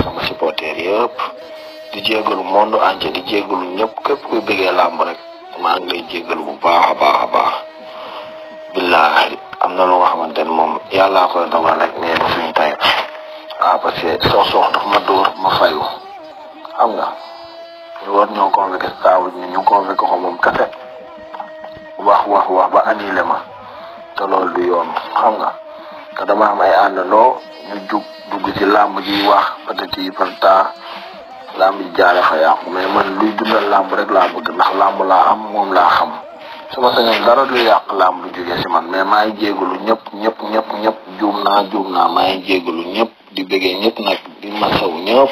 sama supporter di jéggalu monde entier di jéggalu ñëpp képp kuy bëggee làmb rek jégalu bu baax a baax a baax billaahi am na lu nga xamante ne moom yàllaa koy dogal rek nee na suñu tay waaw ah, parce que sox sox dafa ma dóor ma fayu xam nga ñu war ñoo convoqué taawul ñu ñu convoqué ko moom kese wax wax wax ba annulé ma te loolu du yoon xam nga te dama am ay àndandoo ñu jug dugg ci làmb ji wax peut-être yi par lamb ji jaare fa yàqu mais man luy dundal lamb rek laa bëgg ndax lamb laa am moom laa xam su ma sañoon dara lu yàq lamb lu jógee si man mais maa ngi jégalu ñëpp ñëpp ñëpp ñëpp juum naa juum naa maa ngi jégalu ñëpp di bëggee ñëpp nag di masaw ñëpp.